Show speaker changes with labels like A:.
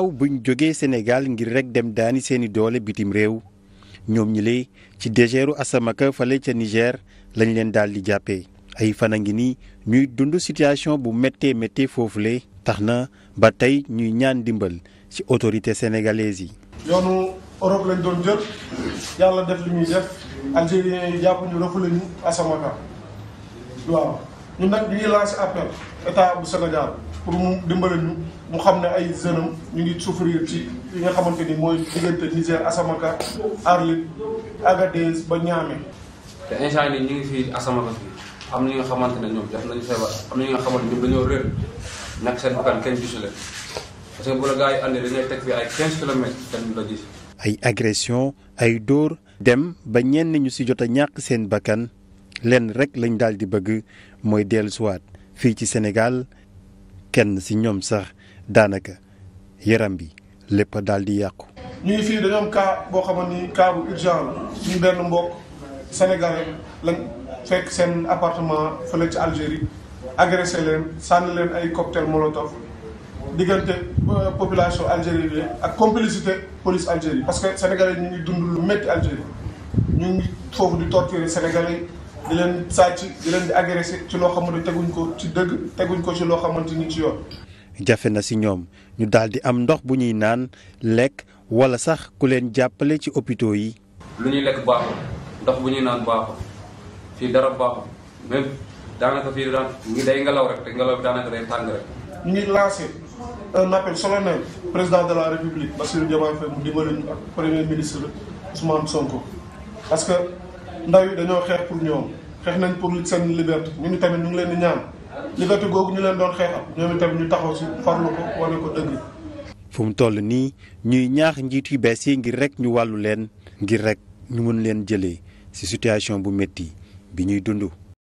A: aw buñ jógee Sénégal ngir rekk dem daani seeni doole bitim réew ñoom ñi lay ci dégeeru Asamaka fale ca Niger lañ leen daal di jàppee ay fan a ngi nii ñuy dund situation bu méttee foofu foofule tax na ba tey ñuy ñaan dimbal ci autorité sénégalaise yi.
B: yoonu Europe lañ doon jël yàlla def li muy def algériens yi jàpp ñu rëfale ñu Asamaka waaw ñun nag dañuy lancer appel état bu Sénégal. pour mu dimbale mu xam ne ay jeunes ñu ngi souffrir ci li nga xamante ni mooy diggante Niger Asamaka Arlit Agadez ba Niamey.
C: te instant yii ñu ngi fii Asamaka am na ñi nga xamante ne ñoom def nañu feebar am na ñi nga xamante ne ñoom dañoo réer ñàkk seen bakkan kenn gisu leen parce que bu la gars yi andee dañuy teg fii ay 15 kilomètres kenn la gis.
A: ay agression ay dóor dem ba ñenn ñu si jot a ñàkk seen bakkan lenn rek lañ daal di bëgg mooy dellusiwaat fii ci Sénégal. kenn si ñoom sax daanaka yaram bi lépp dal di yàqu.
B: ñu ngi fii dañoo am cas boo xamante ni cas urgent la suñu benn mbokk sénégalais lañ fekk seen appartement fële ci Algérie agressé leen sànni ay cocktail molotov diggante euh, population algérienne ak complicité police Algérie parce que sénégalais ñu ngi dund lu métti Algérie ñu ngi foofu di torturer sénégalais. di leen sàcc di leen ci loo xamante teguñ
A: ko ci dëgg teguñ ko ci loo xamante ni ci yoon. jafe na si ñoom ñu daal di am ndox bu ñuy naan lekk wala sax ku leen jàppale ci opito yi.
C: lu ñuy lekk baaxul ndox bu ñuy naan baaxul fii dara baaxul même daanaka fii day ngelaw rek te ngelaw daanaka day tàng rek.
B: ñu ngi lancé un appel président de la république Bassirou Diomaye Faye mu dimbali ak premier ministre Ousmane Sonko parce ndaw yi dañoo xeex pour ñoom xeex nañ pour seen liberté ñu ngi tamit ñu ngi leen ñaan liberté googu ñu leen doon xeexal ñoom itamit ñu taxaw si farlu ko wane ko dëgg.
A: fu mu toll nii ñuy ñaax njiit yu bees yi ngir rek ñu wàllu leen ngir rek ñu mën leen jëlee ci situation bu metti bi ñuy dund.